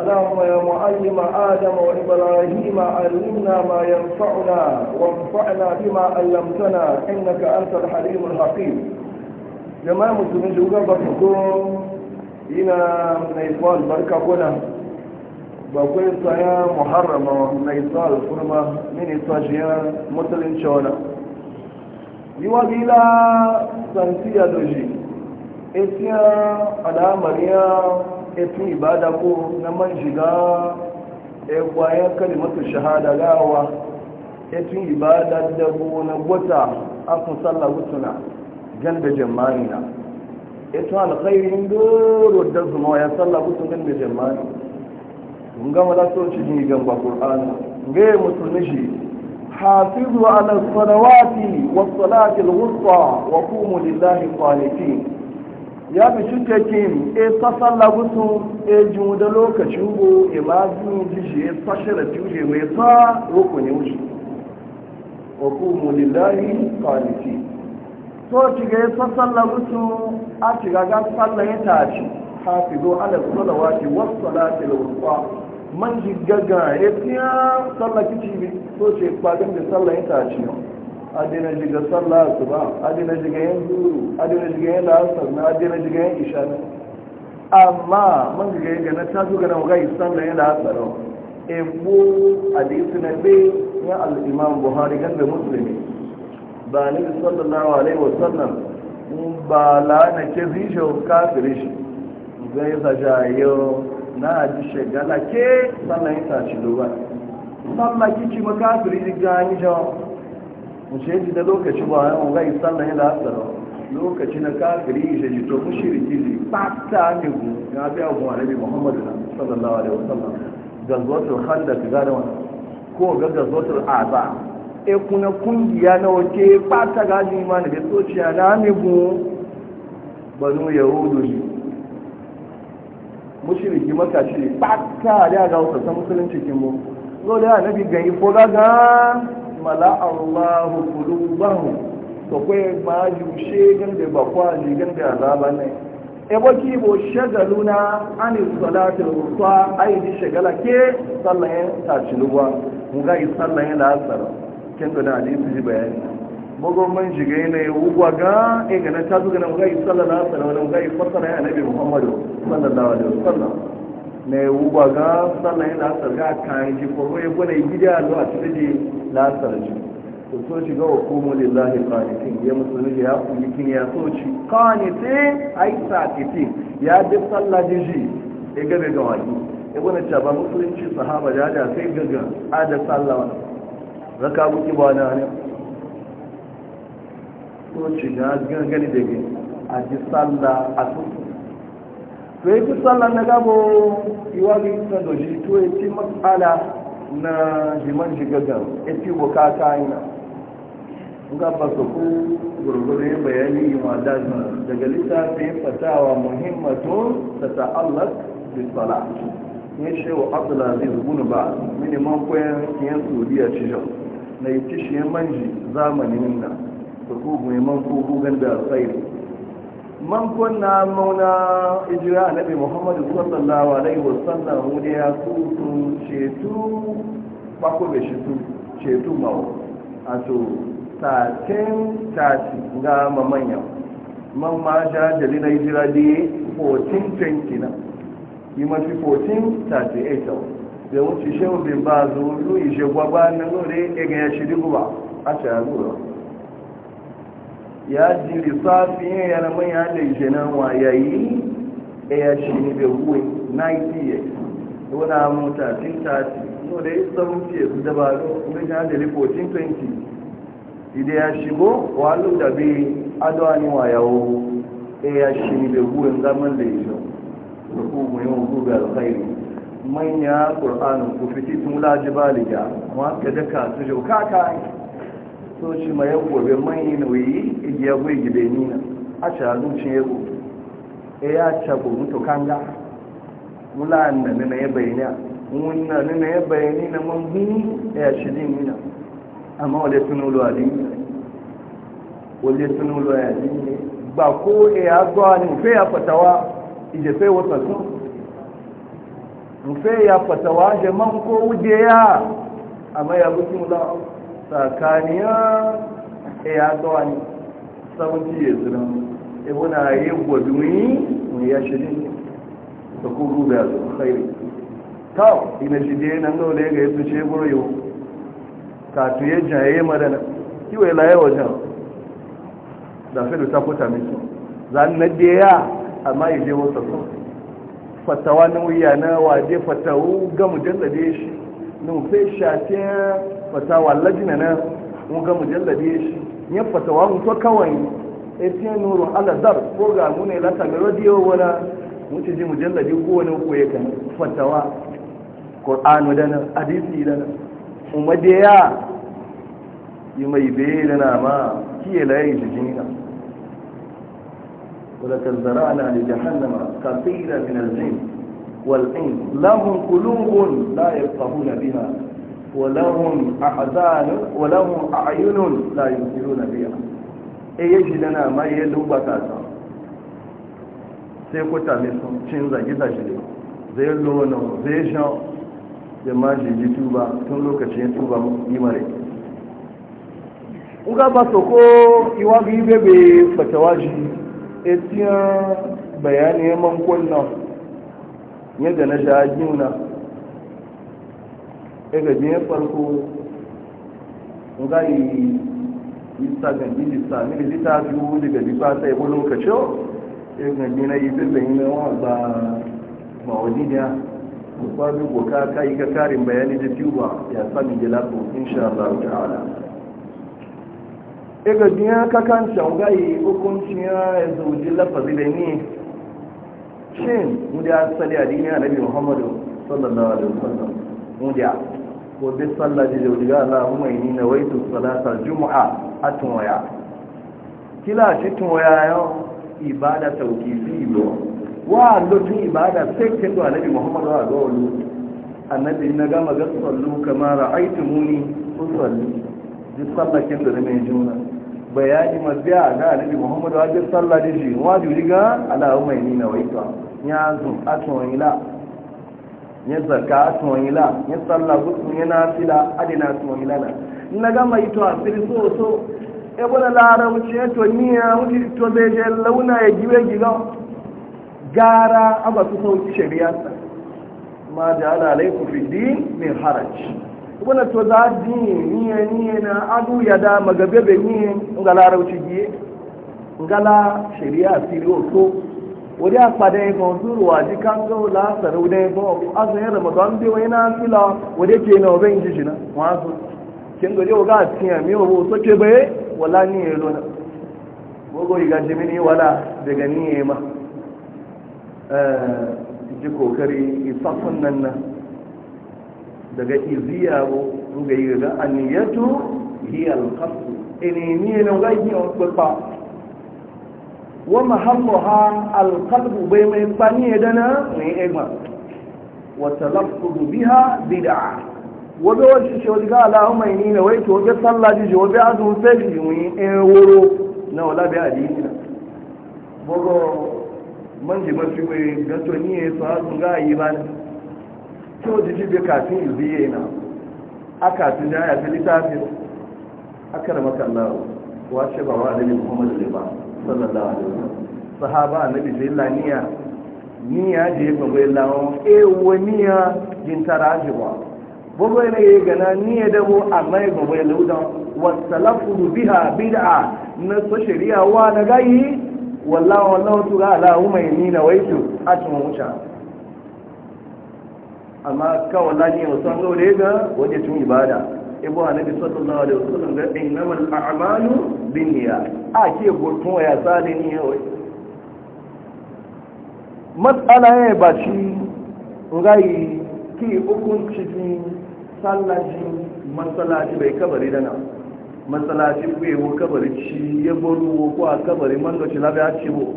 اللهم يا معلم آدم وإبراهيم علمنا ما ينفعنا وانفعنا بما علمتنا إنك أنت الحليم الحكيم جماعة مسلمين جوغا بكم هنا نيصال بركة كنا بقول سيا محرم نيصال فرما من الصجيان مسلم شونا يواجه إلى سنسية دوجي إسيا على مريم etun ibada ko na man shiga ekwayen kalimatu shahada gawa etun ibada da na gwata akun sallah wutuna gan da jamani na etun alkhairin doro da zuma ya sallah wutun gan da jamani mun gama da so cikin gamba qur'ani ga musulmi shi hafizu ala salawati was salati wa wusta wa qumu lillahi qanitin ya bi cuta ke e tsasan lagutu e jiwu da lokacin go e ma zuwa shi e da tuje mai e ta roko ne wuce wa kuma lillahi kwaliti so ci ga e tsasan lagutu a ci ga ga tsallan ya fi zo ala ci wasu wasu ba man gaggara ya fiya bi so ce kwagan da tsallan ya tashi yau adina jiga sallah su ba adina jiga yin zuru adina jiga yin la'asar na adina jiga yin isha amma man jiga yin gana ta zuga na wagai sallah yin la'asar ebu hadisi na bai ya al'imam buhari gan da musulmi ba ni bi sallallahu alaihi wa sallam ba la na ke zisho kafiri shi zai zajayo na ji shagala ke sallah yin tashi duba sallah kici makafiri jiga yin jawa mushe ji da lokaci ba yawon gai sannan yana asara lokaci na kafiri ishe ji to mushiriki ji ta, ne ku ya biya ku a nabi muhammadu na sallallahu alaihi wasallam gazwatul khandaq ga da wani ko ga gazwatul aza e kuna kungiya na wace fata gaji ma, imani da sociya na ne ku banu yahudu ne mushiriki maka shi fata da ga wasu musulunci kin mu zo da nabi gani ko ga mala Allahu qulubahum to kai ma ju shegan da bakwa jigan da azaba ne e baki bo shagaluna an salatu rusa ai di shagala ke sallayen ta ciluwa mun ga sallayen da asar kin da hadisi ji bayani bugo man jiga ne wuwa ga e ga na ta zuga nan ga sallallahu alaihi wasallam ga fasara annabi Muhammadu sallallahu alaihi wasallam na yawuwa ga sallayin lasar ga kayan ji ko ya gwada gida a zuwa cikin daji lasar ji to so shi ga hukumu lillahi qanitin ya musulmi ya kuli kin ya so shi qanitin ai sakitin ya bi sallah ji ji ya gabe ga wani ya gwada cewa ba musulunci sahaba da da sai gaga a da sallah wani raka buki ba na ne so shi ga gani da gani a ji sallah a tutu to yi fi na gabo iwagi ta doji to yi ci matsala na jiman jigagar ya ci bukata yana gaba su ku gurgure bayani yi ma dajin daga littafin fatawa muhimmatun ta ta'allak bi sala ne shewa zai gunu ba miniman koyan kiyan suriya cijan na yi tishiyar manji zamanin nan su ku muhimman kuku ganda tsairi man kunna mauna ijira annabi muhammadu sallallahu alaihi wasallam mu da ya su cetu bako be shi cetu mawa a to tatin tati ga mamanya man ma ja dalila ijira di 1420 na yi mafi 1438 da wuce shehu bin ba zuwa yi shegwagwa na nore ya gaya ya shi duk ba a shagura ya ji lissafi ya yana manya da nan wa yayi eh, ya shi ne bai huwe 90 yi wani mota 30 no da yi sabon ke su dabaru wani jana da 1420 idan ya shigo wa da bi adawa eh, ni wa yawo ya shi ne bai huwe zaman da yi da kuma yin ga alkhairi manya ƙur'anin ku fiti tun laji baliga amma ka daka su jau kaka so shi ma ya gobe mai nauyi igiya goyi gibe nina a shaɗu ce ya gobe e ya shaɓo mutu kanga mula na nina ya bayaniya wunna nina ya bayani na man hun ya shirin nina amma wale tunulu a dini wale tunulu a dini ba ko e ya zuwa ne fe ya fatawa ije fe wasa sun fe ya fatawa je man ko wuje ya amma ya bukin la'au tsakaniya eh, ya zuwa ne sabunci ya zira ibuna yi gwaduni mai ya shirin da kuru da ya zuwa khairi kawo ina shi dai nan da wale ga ya fice buru yau katu ya jaye madana ya laye wajen da fi da ta kuta misu zan na deya amma ya je wasa so fatawa na wuya na waje fatawu ga mujallar da shi nufai shafiya fatawa lajina na muga mujallade shi ya fatawa mu to kawai etiyan nuru ala dar ko ga mu ne lata mai radio wala mutu ji mujallade ko wani ko ya kan fatawa qur'anu dana hadisi dana umma da ya yi mai bayyana na ma kiye layi jinina ولقد ذرأنا لجهنم كثيرا من الجن والإنس لهم قلوب لا يفقهون بها ولهم أحزان ولهم أعين لا يمكنون بها إيه جلنا ما يلوبة تاسا sai kuta mai sun cin zage-zage ne zai lona zai shan da majiji tuba tun lokacin tuba yi mare uga ba so ko iwa bi bebe fatawaji etiyan bayani ya mankon nan yadda na sha gina daga biyan e farko ga yi isa e ga gidi sami da lita biyu daga bifa ta yi bulon kacho daga gina yi bin na yi na wasa mawani ya kuma bi goka ka yi e ga karin bayani da tuba ya sami gila ko insha Allah ta'ala daga biyan kakan can ga yi hukunci ya zauji lafazi da ni shin mu da asali a na nabi muhammadu sallallahu alaihi wasallam mu da ko bi sallah ji ala diga Allahumma inni nawaitu salata jumu'a tunwaya. kila shi tunwaya yo ibada tawqifi yo wa lutun ibada sai kin da Annabi Muhammad wa ga wani annabi na gama ga maga sallu kama ra'aytumuni usalli ji sallah kin da mai juna bayani mabiya ga Annabi Muhammad wa ji sallah ji wa diga Allahumma inni nawaitu ya a atwaya ya zaka tuwanyila ya tsalla gudun ya nafila adina tuwanyila na na gama yi to asiri so so ya e bula larauci ya e to niya wuce to zai je launa ya gibe giga gara aba su sauki ta. ma da ala alaikum fi din min haraj e bula to za din niya niya na adu ya da magabe be niya ga larauci giye ngala shari'a asiri so wani a fada ya kan zuru wa ji kan gawo lasar wani ya bawa azan yin ramadan bai wani na fila wani ke na obin ji shi na wasu kin gari wa ga cikin yami wa so ke baye wala ni ya lona gogo yi gaji mini wala daga ni ya ma ji kokari isafin nan na daga iziya ko ruga yi ga aniyatu hiyar kasu ini ni ne ga yi wa wa ha alqalbu bai mai bani edana ne egma wa talaffuz biha bid'a wa bi wajhi shawli ga allahumma inni nawaitu wa azu sai ji mafi wai gato to ji bi na aka da ya fi litafin akar makallahu wa shi wa da ba sahaba annabi sai la niya niya je ba bai lawo e waniya eh, jin tarajiwa bobo ne ya gana niya da mu amma ya ba bai lauda wasalafu biha bid'a na so shari'a wa na gayi wallahi wallahi to ga Allahu mai ni na waitu a tun wuce amma kawai lani wasan gaure ga wajen cin ibada ibu annabi sallallahu alaihi wasallam ga innamal a'malu duniya a ke gurkun ya tsari ni yawai matsala ya ba shi ngayi ki ukun cikin sallaji matsalaci bai kabari da nan matsalaci kuyewo kabari ci ya buru ko a kabari man da ci labi a ciwo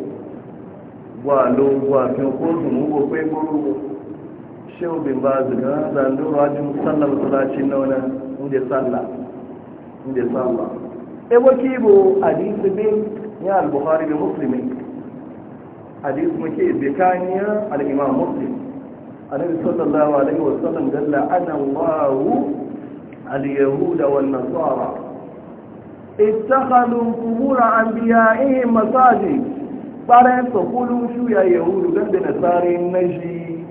gwalo gwafin ko zumu ko kwai buru shehu bin ba zuga zandura jin sallar matsalaci na inda inda ebo kibo hadisi bin ya al-bukhari bi muslim hadis muke bikaniya al-imam muslim annabi sallallahu alaihi sallam dalla ana Allahu al-yahud wal nasara ittakhadhu qubur anbiya'ihim masajid bare so kulu shu ya yahudu dan da nasare naji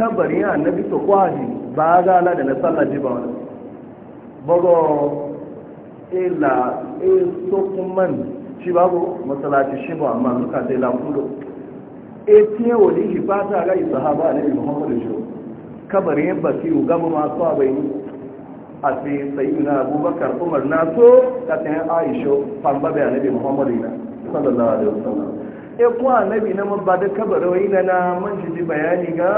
kabari annabi to kwaji ba ga la da nasallaji ba wani bago ila esokunman shi babu matsalaci shi ba amma nuka sai lafudo e tiye wani shi fata ga isa ha a nabi muhammadu shi kabarin yin basiru gama masu abayin a sai sayi na abubakar umar na so ka tsayin aisha famba a nabi muhammadu na sallallahu alaihi wasallam e kuwa nabi na mabba da kabarin na na mun shi bayani ga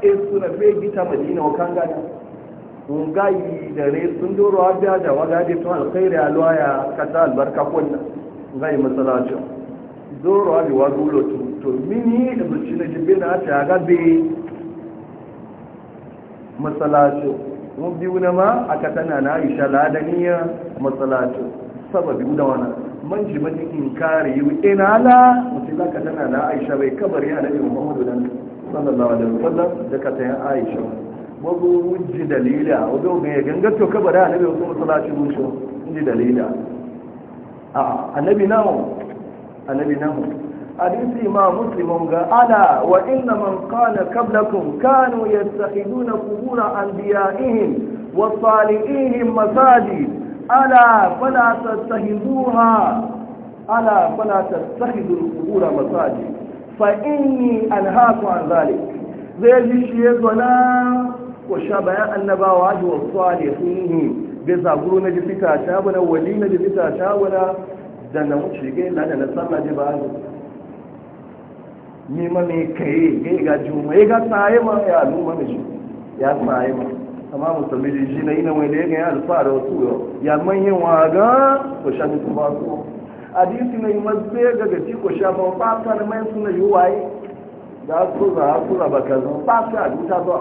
e suna fe gita madina wa kangana gayi da re sun doro abiya da waga da tun alkhairi alwaya kasa albarka kunna ngayi masalaci doro abi wa gulo tu to mini da mutum ne jibe na ta ga be masalaci mun biyu na ma aka tana na Aisha ladaniya masalaci sababi da wana man ji mani inkari yi ina la mutum ka tana na Aisha bai kabari da Muhammadu dan sallallahu alaihi wasallam da ka ta Aisha wazo wujji dalila wazo ga ya gangato ka bada annabi wasu masalaci rushe inji dalila a annabi namu annabi namu hadisi ma muslimun ga ala wa inna man qala qablakum kanu yattakhiduna qubur anbiya'ihim wa salihihim masajid ala fala tattahiduha ala fala tattahidu al-qubur masajid fa inni anhaaku an dhalik zai ji shi ya zo na ko sha bayan annabawa ji wasu salihun da zaguru na jifita ta wani wali na jifita ta wani da na wuce gai na da na sallah ji ba ni ma mai kai gai ga juma ya ga tsaye ma ya luma mai shi ya tsaye ma amma musulmi da shi na yi na wani da ya gani alfahari wasu yau ya manyan waga ko sha mutu ba su hadisi na yi mazbe ga gaci ko sha ban fata na mai suna yi waye da su za su raba kazan fata a duta zuwa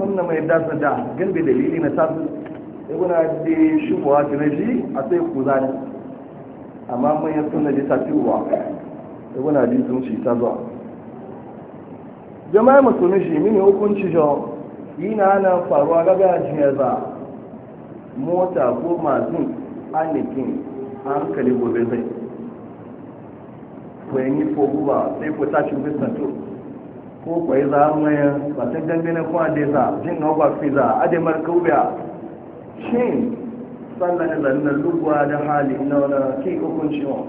wannan mai dasa da galbe dalili na tasu ibuna da shubuwa ta na shi a sai ku zani amma mun yi suna da tafi uwa ibuna da sun ci ta zuwa jama'a musulmi shi mini hukunci shi yi na ana faruwa gaba jiya ba mota ko masu anikin hankali gobe zai ko yi fogu ba sai ku tashi bisanto ko kwai za a maya ba ta gangana kuma da za jin hawa fi za a da marka wuya shin sannan da lugwa da hali na wani ke hukunci wa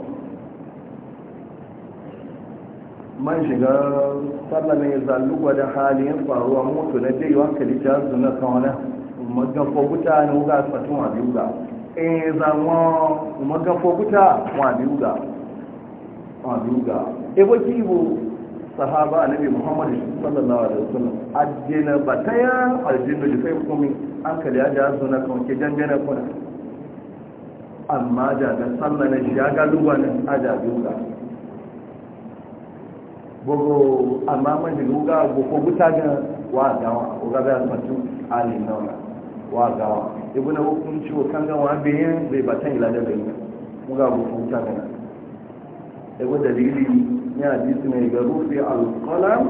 man shiga sannan da lugwa da hali yin faruwa mutu na dai hankali ta su na kawana magafa wuta na wuga fatun wa biyu ga eh zama magafa wuta wa biyu ga wa biyu ga ebo kibo sahaba nabi muhammad sallallahu alaihi wasallam ajina bataya aljinnu da kai hukumi an kalli ya da zuwa na kan ke janjana kuma amma da ga sallana shi ya ga duba nan aja duka bogo amma man da duka ko buta ga wa gawa ko ga ba fatu ali nawa wa gawa ibnu hukunci ko kan ga wa bihin bai batan ila da bai mu ga ko buta ga ego dalili ya hadisi mai ga rufe alkalam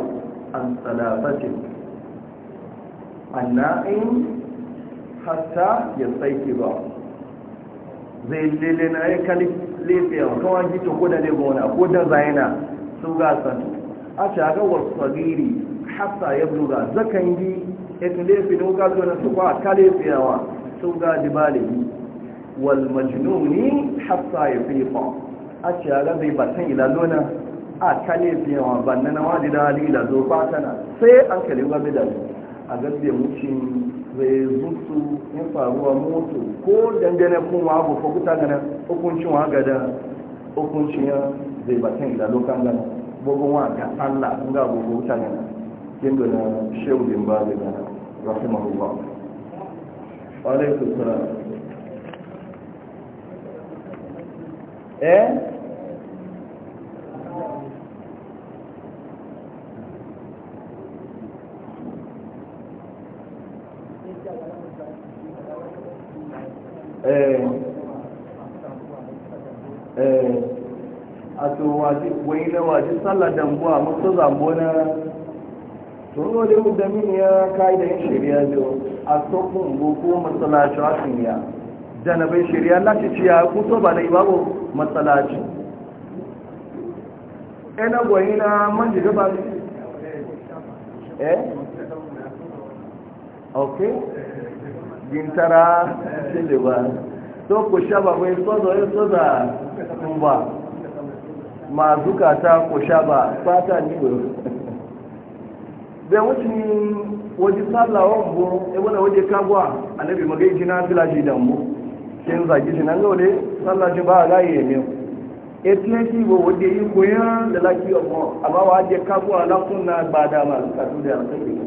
an salafatin anna'in hatta ya tsaiki ba zai lele na ya kali lefiya kawai gito ko da lebona ko da zayana su gasan a shagawar tsagiri hatta ya buga zakan yi ita lefi da wuka zuwa su kwa yawa. su ga dibalibi wal majnuni hatta ya fifa a shagawar zai batan ilalona a kane fiye wa banna na waje da hali da zo sai an kare gwamnati da a gaske mucin zai zutu in faruwa moto ko dangane kuma abu ko kuta gana hukuncin wa gada hukuncin ya zai batun da lokan gana bugun wa ga Allah sun ga bugun kuta gana kin da shehu din ba da rahimahullah wa alaikum salam eh Eh, eh, a to wani na waje sallar dambuwa masu zambo na turo da yau da mini ya kai da yin shirya zo a sokun boko matsalaci wasu ya janabai shirya lati ya kuto ba na ibabu matsalaci ina eh, gwani na manji gaba eh Ok. gintara cile ba to ku shaba bai tsozo ya tsoza kun ba ma zukata ku shaba fata ni ba bai wucin waje sallawan bu ibina waje kagwa annabi magai jina filaji da mu kin zagi shi nan gaule sallaji ba a gaye ne etinye ki bo waje yi koyan da laki amma kagwa ba ka tu da alkhairi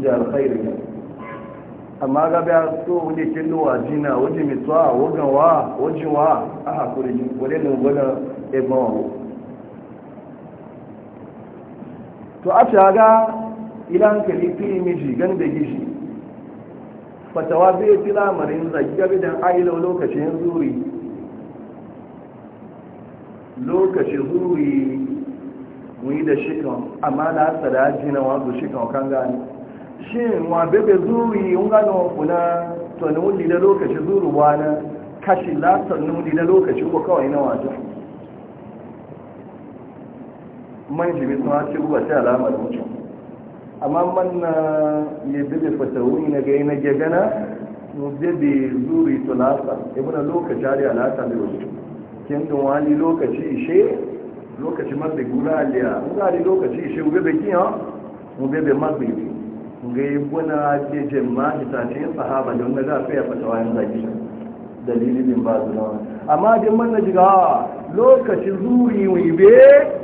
ne alkhairi ne amma gaba so wuce kendo nuwa jina waje a wajen wa wajen wa a hakuri wani ne gwada egbon wa to a ce ga ilan kalifi miji gan da gishi fatawa bai fi lamarin zaki gabi don ailo lokacin zuri lokacin zuri mu yi da shikan amma na tsada jina wa zu shikan kan gani shin wa bebe zuri un gano kuna sannu da lokaci zuru ba na kashi la sannu da lokaci ko kawai na wata? man jibi suna ce kuwa ta alamar mutum amma man na ya bebe fatawuni na gai na gagana mu bebe zuri tulasa ibina e lokaci ari alata da wajen kin don wani lokaci ishe lokaci mabbe gura aliya in lokaci ishe mu bebe kiyan mu bebe mafi gai yi guna ce jemma ta yin sahaba wanda na gafe ya fata wayan zaki dalilin ba su nawa amma din man na jiga ah, lokaci zuri mai be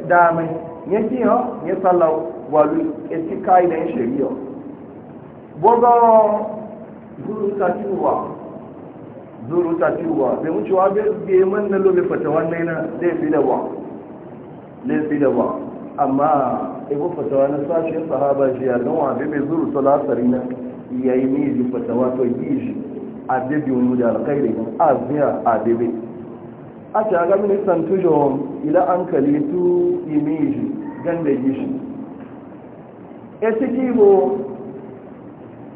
damai ya yake ha ah, ya sallau walu ci kai da shari'a bogo zuru ta tiwa zuru ta tiwa bai mu ciwa be be man na lobe fata wannan na da zai fi da wa amma ibu fatawa na sashen sahaba shi ya nan wabe mai zuru salasari na ya yi ne ji fatawa to yi shi a bebe wani da alkhairi a zuya a bebe a ce a ga ministan tujon ila an yi kalitu imiji ganda yi shi ya e ciki bo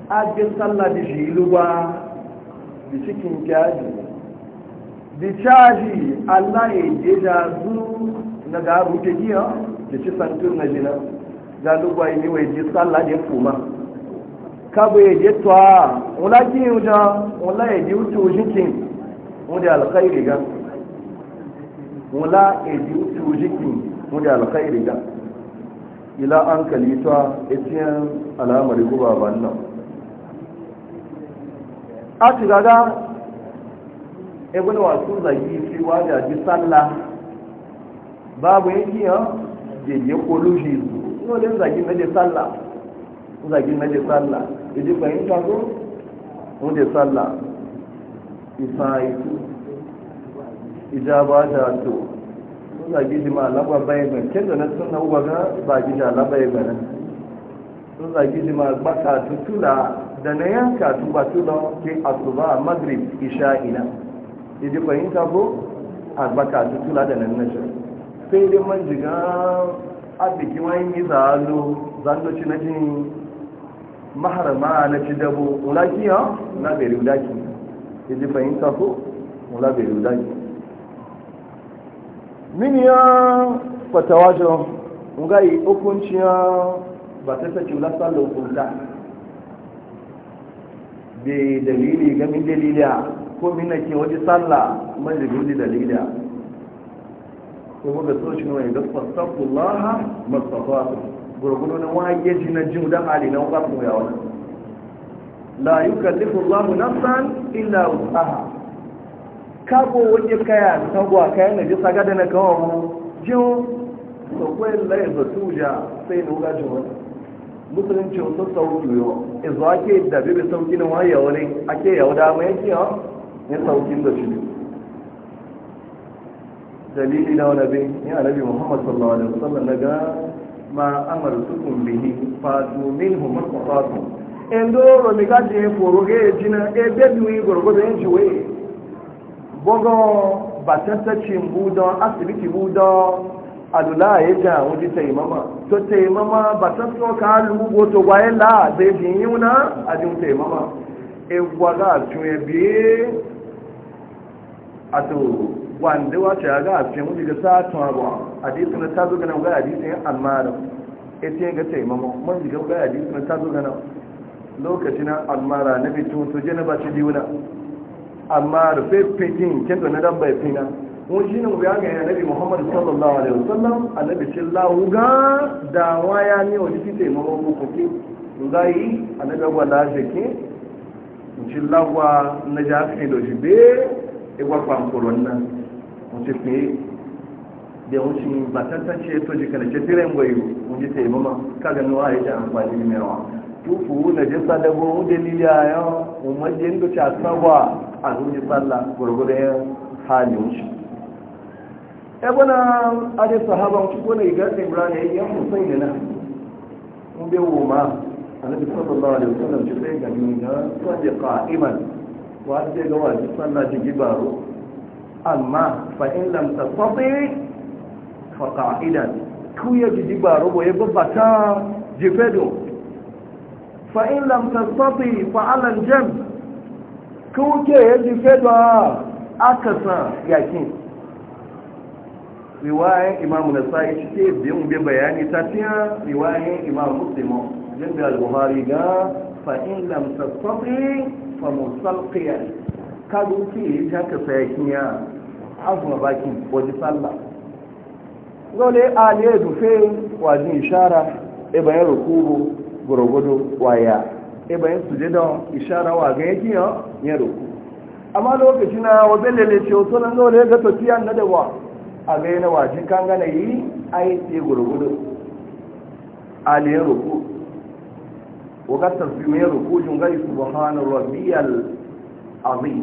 a jin sallah da shi luba da cikin kyaji da caji allah ya je da zu na gabu ta giya da ci santur na jina galugwa yi wai ji sallah da fuma kabo ya je to wula wala ki uja wala ya ji wuce wujikin wanda alkhairi ga wala ya ji wuce wujikin wanda alkhairi ga ila an kalita etiyan alamar guba ban a ti gaga ebe da wasu zagi wajen wajaji sallah babu yanki yau yayye ko lushi su no den zagi na de sallah zagi na de sallah yaji fahimta ko de sallah isai ijaba da to zagi ji ma laba bai ban kin da na sunna uba ga ba ji da laba bai ban zagi ji ma baka tutula da na yanka tuba tula ke asuba maghrib isha'ina yaji fahimta ko a baka tutula da nan na sai dai man jiga abiki wani yi zalo zalo ci na jini maharama na ci dabo ulaki ya na beri ulaki ya ji fahimta ko ula beri ulaki min ya fatawa jo nga yi hukunci ya ba ta saki ula salo kunta bai dalili ga min dalili ko min na ke wajen sallah man dalili dalili kuma ga soci ne ga fastaqullaha mastafatu gurgunu na waye ji na jin da hali na ba ku yawa la yukallifu Allahu nafsan illa wus'aha kago wani kaya tagwa kaya na ji sagada na kawo mu ji so ko la yazo tuja sai no ga jiwa musulunci wasu sauki yau izo ake da bibi sauki na waye wani ake yau da mai yake ya saukin da shi ne dalili na wani abin ya nabi muhammad sallallahu alaihi wasallam daga ma tukun bihi fa domin hu mutaqatu en do mi ga je foro ya jina e be mi gorgo be en juwe bogo batata chimbu asibiti bu do adula ya ja wuji taimama to taimama batata ka lugo to gwaye la be jin yuna ajin taimama e gwaga tun e wanda wace ya ga cikin wuce ga satun abuwa hadisi na tazo gana ga hadisi ya almara ita ga taimama man ji ga hadisi na tazo gana lokacin almara na bitu to je na ba ci diuna amma rufe fikin kin da na dan bai fina mun shi ne ga ga nabi muhammad sallallahu alaihi wasallam annabi sallallahu ga da waya ne wani fi taimama ko kuke ngai annabi wala shi sallallahu na jafi do shi be e wa kwamfuron nan mun ci de da wuce ba to ji kana ce tiren gwayo no ai amfani ne tufu na je sadabo dalili ayo umma je ndo ta sawa a hunji sallah gurgure hali wuce e a ade sahaba wuce ko ne ga yan musaini na mun be wo ma annabi sallallahu alaihi wasallam sai ga ni amma fa in lam tasati fa qa'idan ku ya jiji ba robo ya ba ta fa in lam tasati fa ala jam ku ke ya jefedo akasa yakin riwaya imamu na sa'i cike biyun bi bayani ta tiya riwayan imam muslimu da al-buhari ga fa in lam tasati fa musalqiyan kadu ki ta ka yakin ya azuma baki waje sallah dole a ne dufe ishara ibayen rukuru gwargwado waya ibayen sujada ishara wa ga yake ya ruku amma lokaci na wajen lalace wato nan ya ga tafiya na wa a ga na wajen kan gana yi a yi tsaye gwargwado a ne ruku mai ruku azim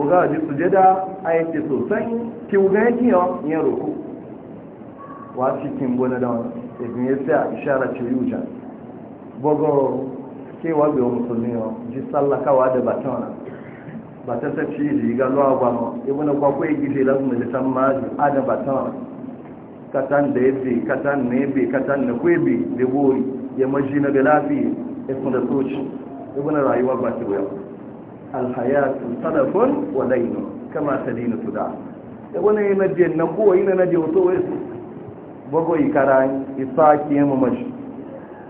ga ji sujada a yake sosai ki ga yake yin ruku wa cikin gona da wani ibn yasa ishara ce yuja bogo ke wa biyo musulmi yo ji sallakawa da batana ba ta ta ci ji ga lawa ba no ibn kwa ko yi ji da mu da tan ma a da batana katan da yace katan ne be katan ne ko be de bori ya majina da lafi e kun da soci ibn rayuwa ba ta goya alhayatu sadakun wa dainu kama tadinu tuda da wani yi naje na kowa yi na naje wato wai su bago yi kara isa ki yi mamaji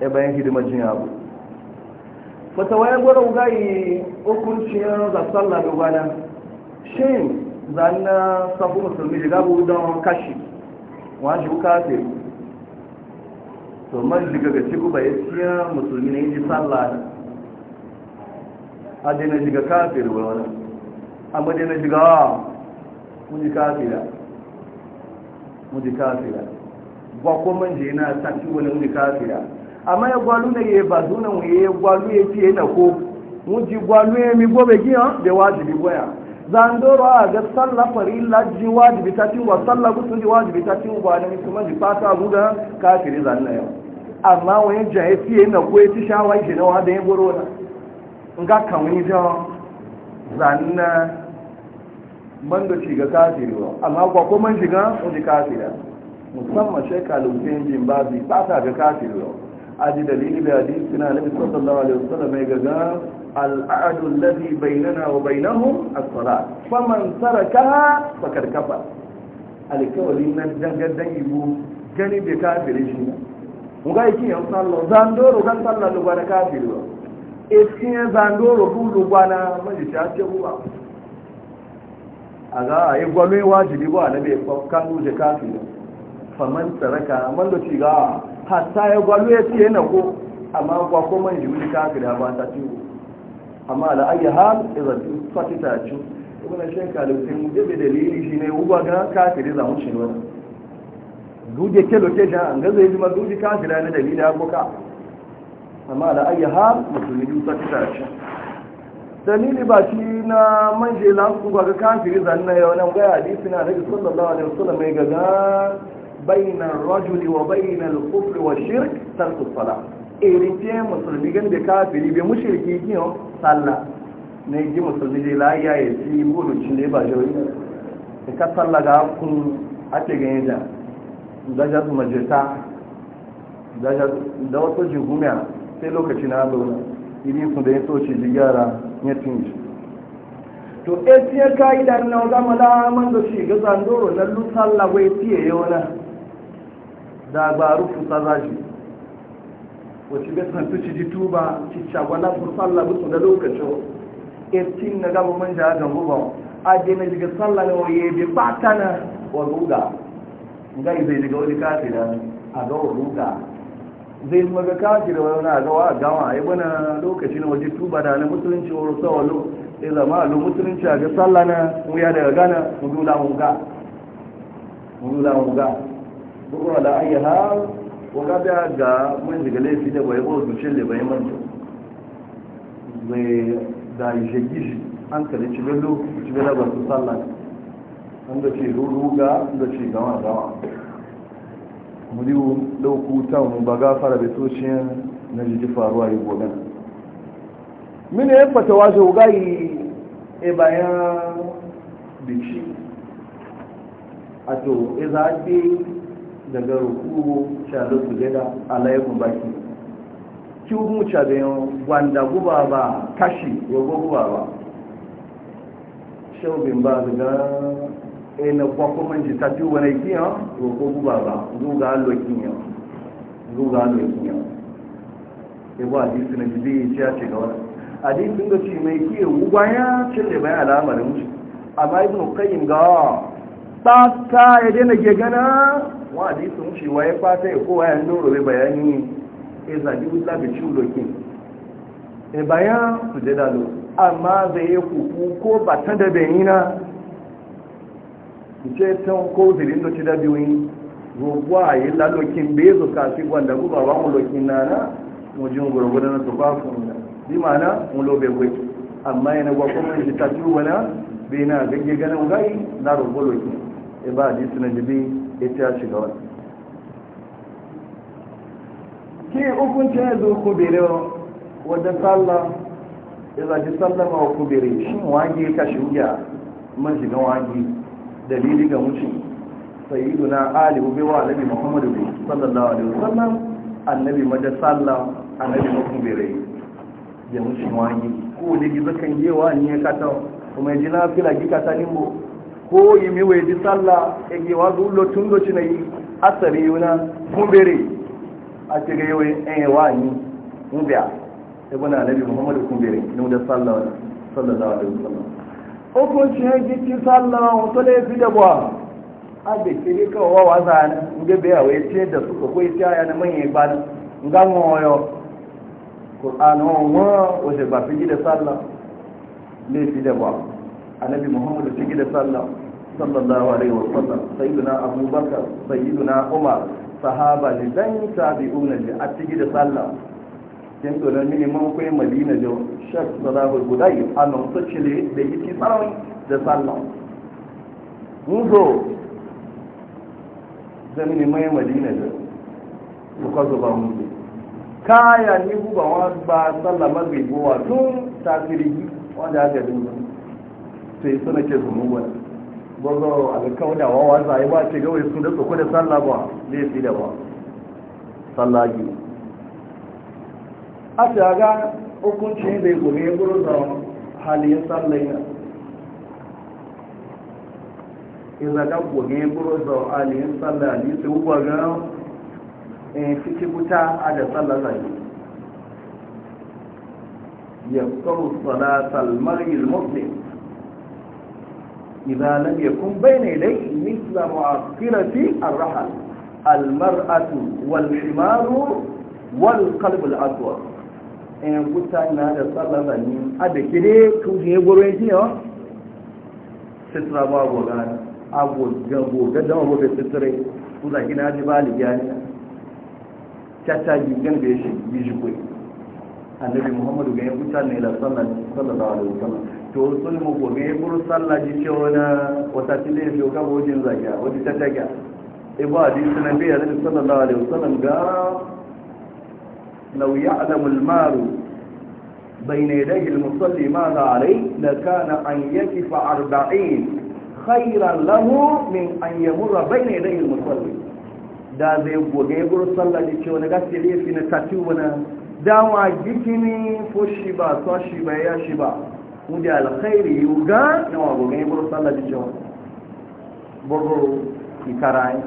ya bayan hidimar jin abu fata wayan gwada wuga yi hukunciyar da sallah da gwana shin zanna sabu musulmi da gabu don kashi wani shi kafin to man diga ga ciku bayan musulmi na yi sallah adina jiga kafir wa wani amma dina jiga wa ah, muji kafira muji kafira ba ko je na saki wani muji kafira amma ya gwalu na ya ba zuna mu ya gwalu ya ci na ko muji gwalu ya mi gobe giyan ah, da wajibi goya zandoro a ga sallah farilla ji wajibi ta cin wa sallah gutsun ji wajibi ta cin wa na kuma ji fata guda kafiri zanna yau amma wani jaye fiye na ko ya ci shawai shi na wa da ya goro wani. nga kawai jan zanna man da shiga kafiri ba amma kwa ko man shiga wani kafira musamman shekalin jin ba zai ba ta ga kafiri ba a ji dalili da hadisi na nabi sallallahu alaihi wasallam mai gaga al'adun alladhi bainana wa bainahu as-salat faman saraka fakad kafa alkawli na dangadan ibu gani bai kafiri shi ne mu ga yake yan sallallahu zan doro kan sallallahu ba na kafiri ba etinye zandoro bulu gwana maji ta ce ruwa a ga a yi gwalo wajibi ba na bai kan ruje kafin faman tsaraka man da ci ga hatta ya gwalo ya ce na ko amma kwa ko man ji wuri da ba ta ciwo amma ala ayi hal idan tun fati ta ci ibn shan kalifin mu da dalili shine uba ga kafin da shi ci wannan duje ke lokaci an ga zai ji ma duje kafin da dalili ka. amma da ayi har musulmi duka ta tashi dalili ba shi na manje lanku ba ga kafiri zanna yau nan ga hadisi na nabi sallallahu alaihi wasallam mai gaga bayna rajuli wa bayna al-kufr wa shirk tarku salat erite musulmi gan da kafiri be mushriki kiyo salla. ne ji musulmi je la ya yi ci gudu cin da ba jawi ka salla ga a ake ganin da da jazu majita da da wato jigumiya sai lokaci na zauna iri su da ya soce ji gyara ya cinci to e tiye ka'ida na zama laman da shi ga zandoro na lusa lagwai fiye yau na dabaru fusa za shi wacce ga santu ci ji tuba ci shagwala fusan lagu su da lokacin etin eh, na gaba man jaha gambo ba a je na jiga sallah na waye ba ta na wa ruga ngai zai jiga wani kafira a ga wa ruga zai maga kafir wani na gawa a gawa a yi bana lokaci na waje tuba da na musulunci wani sawalo sai zama a musulunci a ga sallah na wuya daga gana mudula muga mudula muga kuma da an yi har waka biya ga mun shiga laifi da bai ko zuciyar da bai manta zai da yi gishi an kare cibin lokaci cibin labar su sallah an da ce ruga an da ce gawa gawa muliyu ɗauku ta mu ba gafara bai tocin na jiji faruwa yi gobe mini ya fata wazo gayi a e bayan biki a to e za daga rukuru shaɗar su jada alayyakun baki ki mu da yin gwanda guba ba kashi ya guba ba shaubin ba daga ina kwa kuma ji ta tuba na kiyo to ko guba ba guga lo kiyo guga lo kiyo e ba di sina ji bi ci a ce ga wani hadisin da ci mai kiyo ya ce da bayan al'amarin mu amma ibn qayyim ga ta ta ya dena ke gana wa hadisin shi wa ya fata ya kowa ya nuro bai bayani e zabi wuta bi ci lo kiyo e bayan su je da lo amma zai kuku ko ba ta ce tan ko zirin da ci dabi biyoyin gobuwa yi lalokin bezo kafin wanda guba ba mu lokin na na mujin gurgudu na tufafin na bi mana mu lobe gwai amma yana gwa kuma shi ta ci wana bai na gaggi ganin gai na rubu lokin e ba a jisina jibi ita shiga wani ki hukuncin ya zo kubere wadda sallah ya zaji sallama wa kubere shi wage kashi wuya man shiga wage dalili ga mutum sayyiduna ali bai wa annabi muhammadu bai sallallahu alaihi wasallam annabi majasalla annabi makubirai ya mutum wani ko ne gizo kan wa ni ya kata kuma ya ji na fila gika ta nimbo ko yi mi wa ji salla ya ke wa zullo tun do ci na yi asari yuna kumbere a ce ga yawa yan yawa ni mbiya ibn annabi muhammadu kumbere ne da sallallahu alaihi wasallam hukuncin yankin sallah wata laifi da ba a da kiri kawo wawa zane ga biya wai ce da suka kwai tiyaya na manyan ban gama wayo ƙur'anin wa wajen ba fi gida sallah laifi da ba annabi muhammadu fi gida sallah sallallahu alaihi wasallam sayyiduna abubakar sayyiduna umar sahaba lidan tabi'una li a fi gida sallah yin tsoron neman kwai madina jo shek da za ku guda yi a nan su cile da yi tsarawai da sallon muzo zan neman madina jau su ka zuba muzo kaya ni guba wa ba sallah wa tun ta tasiri wanda aka dinga sai suna ke zumuwa gwazo kauna wa zai ba ce gawai su da su da sallah ba ne fi da ba sallah gini a ga hukuncin bai gome guru da halin sallai iza ga gome guru da halin sallai ne su gwa ga fiti wuta a da sallar zai ya kawo salatar maril muslim إذا لم يكن بين إليه مثل معصرة الرحل المرأة والحمار والقلب الأسود in eh, guta na da tsallaba ni a da kire tun ya gwaro ya jiya oh? sitira ba goga agogo gaddama gobe sitira kuza gina ji ba liya ne kyata gigan da ya shi biji kwai annabi muhammadu ga ya guta ne da wa da wasu to sun mu gobe ya gwaro tsallaji ce wani wata tilai fiye ka gojin zagiya wata tattaka ibu eh, hadisi na biyar da sallallahu alaihi wasallam ga لو يعلم المال بين يديه المصلي ماذا عليه لكان أن يكف أربعين خيرا له من أن يمر بين يديه المصلي da zai goge gurin sallah da cewa na gaske laifi na tatuwa na dawa gikini ko shi ba so shi ba ya shi ba wuje alkhairi yuga na wa goge gurin sallah da cewa bugu ikarai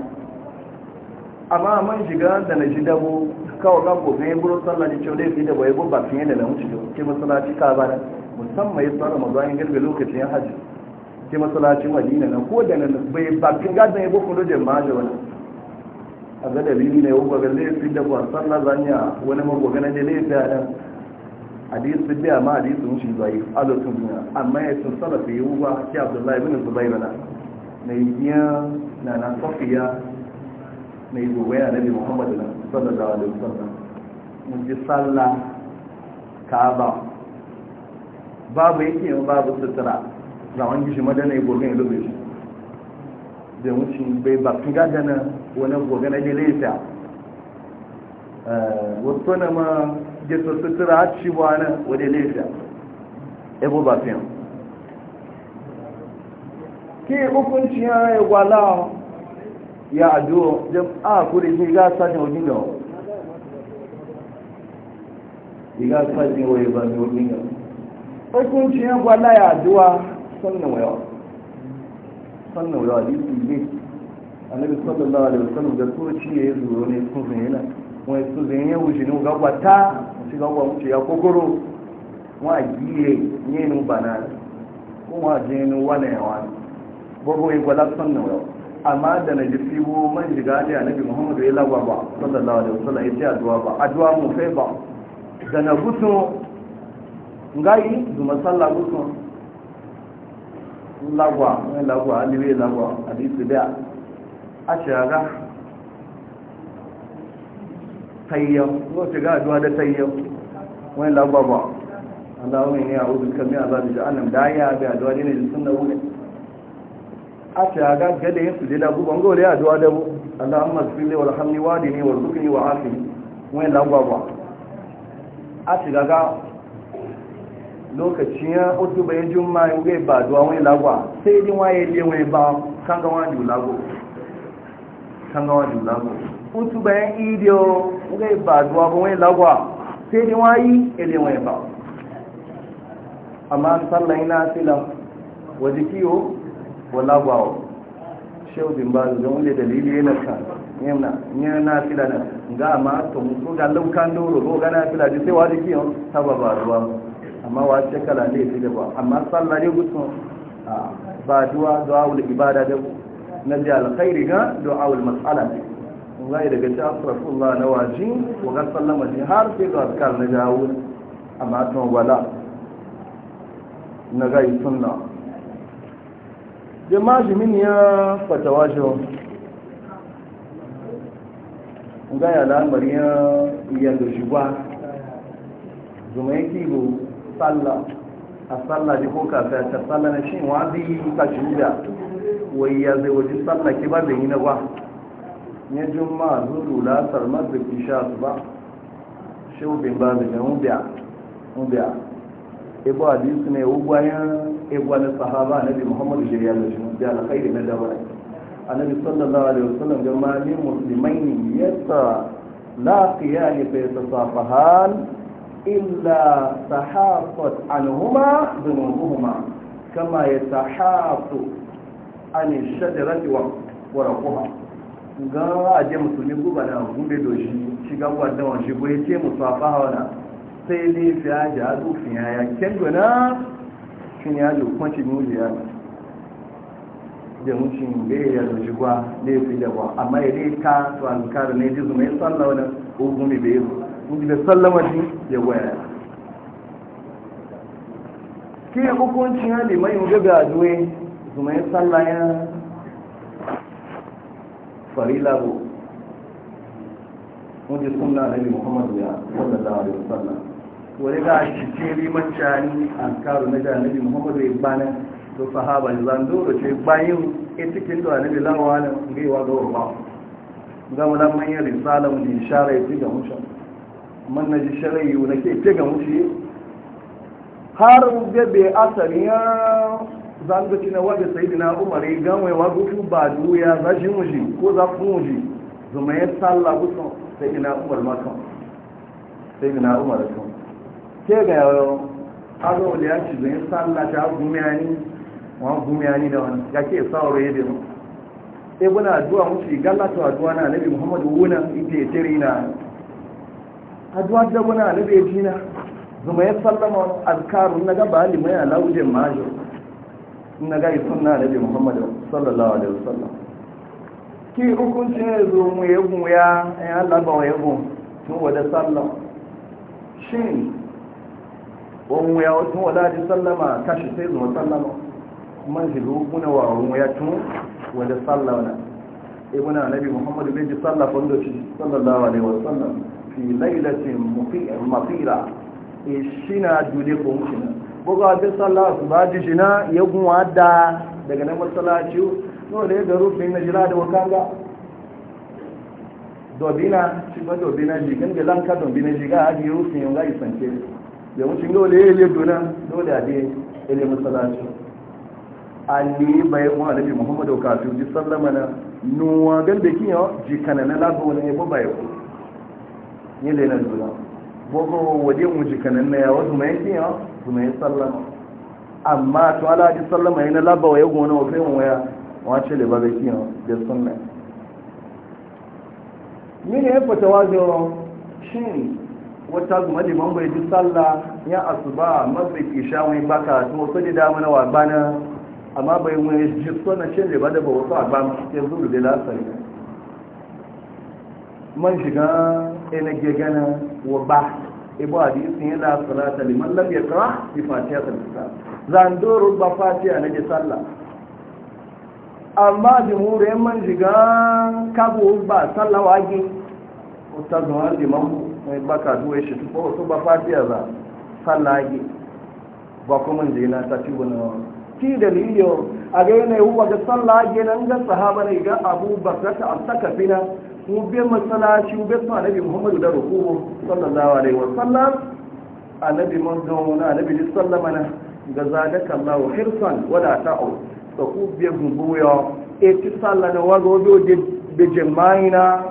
amma man shiga da na ji dabo kawo kanko gobe ya gudun sallah ne cewa laifi da bai bu ba fiye da lamuci da ke masalaci ka ba da musamman ya tsara mazayin garbe lokacin ya hajji ke masalacin madina na ko da nan bai bakin gadon ya bukun ma da wani a ga dalili ne yau ga laifi da ba sallah zanya wani magoga na fi a nan hadisi biya ma hadisi sun shi zai alatun duniya amma ya sun sallah yau ba ke abdullahi bin zubairu na na yi na na sofiya. na yi gobe yana nabi muhammad na sallallahu alaihi wasallam mun ji sallah kaaba babu yake yin babu sutura zawon gishi madana ya gobe ya lube shi da wuce bai ba fi gadana wani gobe na jeleta eh, wasu na ma gisa sutura ci wani wani jeleta ebo ba fiyan ke hukunci ya yi gwala ya a jam a kuri shi ga sa ne ga iga sa ba ne wani ga hukunci ya gwala ya aduwa sannan wayawa sannan wayawa disi ne annabi sallallahu alaihi wasallam da so ci ya zuro ne sun zaina wani su zaina wuce ne ga gwata shi ga ya kokoro wa giye ne banana kuma jenu wani gbogbo igwala sannan wayawa amma da na ji fibo man shiga da annabi muhammadu ya lagwa ba sallallahu alaihi wasallam ya ce addu'a ba addu'a mu fai ba da na gutu ngai zuma sallah gusu lagwa mai lagwa bai lagwa hadisi da a shiga tayyam ko shiga addu'a da tayyam wani lagwa ba Allah ne ya uzu kan mi azabi jahannam da ya bi addu'a ne sunna wuri ake aga gada yin su jada guban gole ya duwa dabo allahumma sirri wal hamni wadi ne wal rukni wa afi wani lagwagwa a shiga ga lokacin ya otu bayan juma yin gai ba duwa wani lagwa sai din waye ne wani ba kan ga wani lago kan ga wani lagwa otu bayan idiyo gai ba duwa ba wani lagwa sai din wayi ele wani ba amma sallan ina silan wajiki yau wala gwawo shehu bin ba don wule dalili yana ka yana yana na fila na ga ma to mu ko ga laukan doro ko gana na fila ji sai wani kiyon saba ba ruwa amma wa ce kala ne fi da ba amma sallah ne gutsun ba duwa du'a ul ibada da na ji alkhairi ga du'a wal mas'ala ne wallahi daga ta asrafullah na waji wa ga sallama ji har sai ga kar na jawo amma to wala na ga sunna da majimin ya fata jiwa ga ya lamari ya yadda shi zuma ya kigo tsalla a tsalla ko kafa ta tsalla na shi wa da wai ya zai tsalla ki ba zai yi na ba ya juma zuru lasar su ba shi ubin ba zai ubiya ubiya ugwayen egwanin sahaba bi muhammadu shirya da shi da alkhairi na dabarai annabi sallallahu alaihi wasallam ga malin muslimaini yasa bai sa safa hal illa alhuma da dhunubuhuma kama ya yatahafu an shajarati wa waraquha ga aje musulmi guba na gube doshi shiga wa shi bai ce musafaha na. sai ne fiya ja azu fiya ya kendo na cin ya zo kuma cin a ya da mucin bai ya zo jigwa da ya fi da ba amma ya dai ta to an kare ne jizu mai tsalla wani ogun mai bai zo muji da sallama ni ya waya ke hukuncin ya da mai muga ga duwe su mai tsalla ya farila bu muji sunna nabi muhammadu ya sallallahu alaihi wasallam wani ga cikin liman cani an karo na janabi muhammadu ya bana da sahaba da zando da ce bayan etikin da wani lawa na gaiwa ga wa zama da manyan risala mu ne shara ya fi ga mushan man na ji shara yi wani ke fi ga mushi har da gabe asali ya zango cina wajen sai dina umari ya gamai wa gutu ba duya za shi mushi ko za fi mushi zuma ya tsalla gutu sai dina umar makan sai dina umar makan ke ga yau azo wale ya ci zai sallah ta gumiyani wa da wani ya ke sauro ya dinu sai muna addu'a na nabi muhammadu wuna ita ya tiri na addu'a nabi zuma ya sallama alkarun na gaba alimai a laujin majo na gai nabi muhammadu sallallahu alaihi wasallam mu ya bon ya wasu wadadi sallama kashi sai zuwa sallama man shi rukuna wa run ya tun wanda sallama ibn annabi muhammadu bin ji sallafa da shi sallallahu alaihi wasallam fi lailatin mafira ishina dule ko mushina buga da sallah su ba ji ya gunwa da daga nan masallaci no da ga na jira da wakanga dobina shi ba dobina jigin da lanka dobina jiga a ji rufin yau ga da mutum yau da yayi duna dole a dai ile an ne bayan wa Alabi muhammadu kafin ji sallama na nuwa da kiyo ji kana na labo ne ba bai ku yi le na dona bogo waje mu ji kana na ya wasu mai kiyo su mai sallama amma to ala ji sallama yana labo waye gona wa kai mu waya wace le ba bai kiyo da sunna ni ne fatawa da shi. wata zuma liman bai ji sallah ya asuba mafi isha wani baka to wasu da damu na wabana amma bai wani ji sona cin riba da ba wasu abam ya zuru da lasari man shiga ina gegana wa ba ibu hadisin yana salata liman lam yaqra bi fatiha al-kitab zan doro ba fatiha na ji sallah amma jumhurin man shiga kabu ba sallah wagi ustaz Muhammad Imam mai baka zuwa shi ko su ba fatiya za sallage ba kuma je na ci wani ki dalilin a ga yanayi huwa ga sallage nan ga sahaba ne ga abu bakar ta amsaka fina mu bi masalaci mu bi su annabi muhammadu da rukubu sallallahu alaihi wasallam annabi man na, annabi ji sallama na ga zadaka allah hirsan wada ta so ku biya gumbuya e ti sallana wago do da jemaina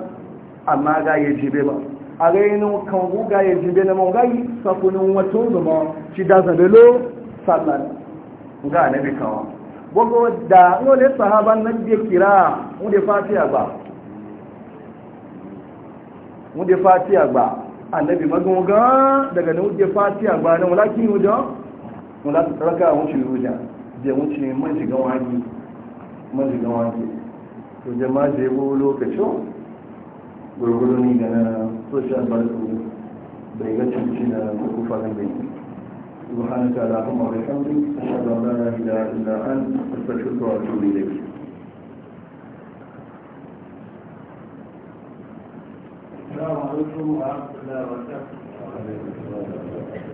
amma ga jibe ba a rainin kan guga ya jibe na mongai sakunin wato zuma shi da zabelo sallan ga na bikawa gogo da nole sahaban nan da kira mude fatiya ba mude fatiya ba annabi magunga daga nan mude fatiya ba nan walaki nuja wala tsaraka mun shi nuja je mun ci man shiga wani man shiga wani to jama'a je go lokacin gurgudu ne ga na social barco bai ga cuci na kuku farin bai subhanaka la ilaha illa anta ashhadu an la ilaha illa anta astaghfiruka wa atubu ilayk السلام عليكم ورحمه الله وبركاته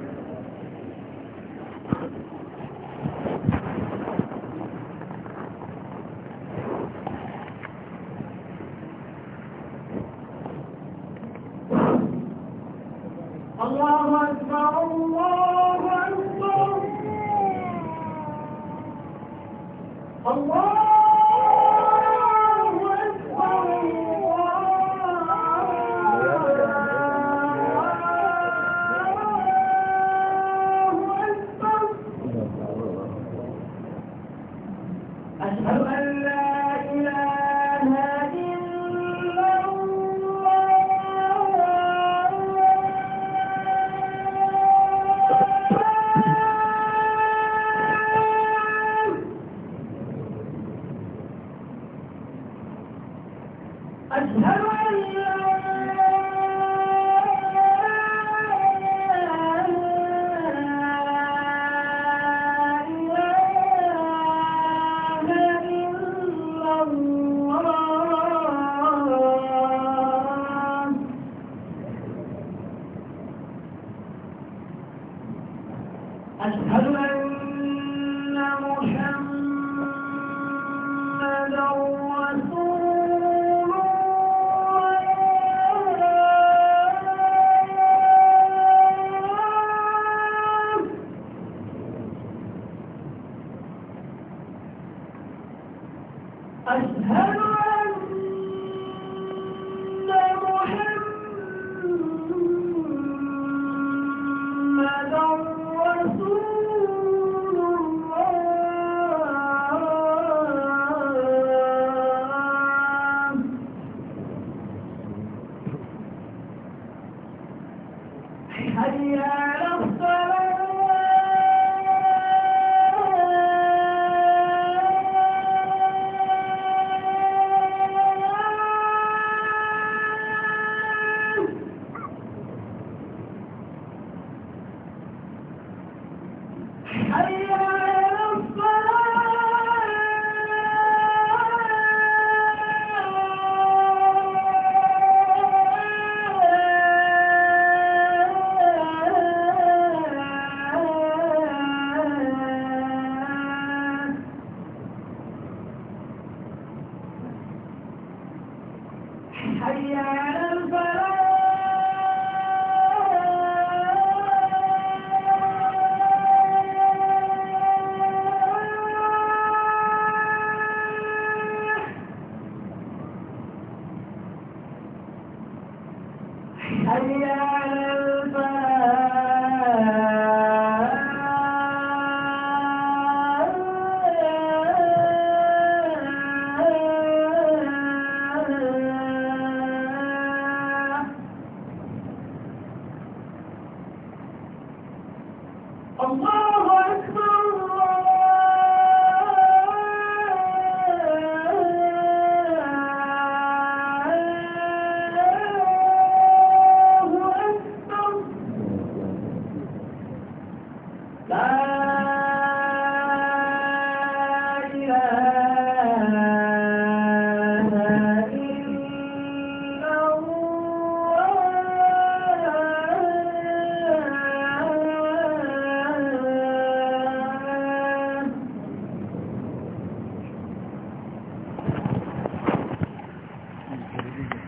أشهد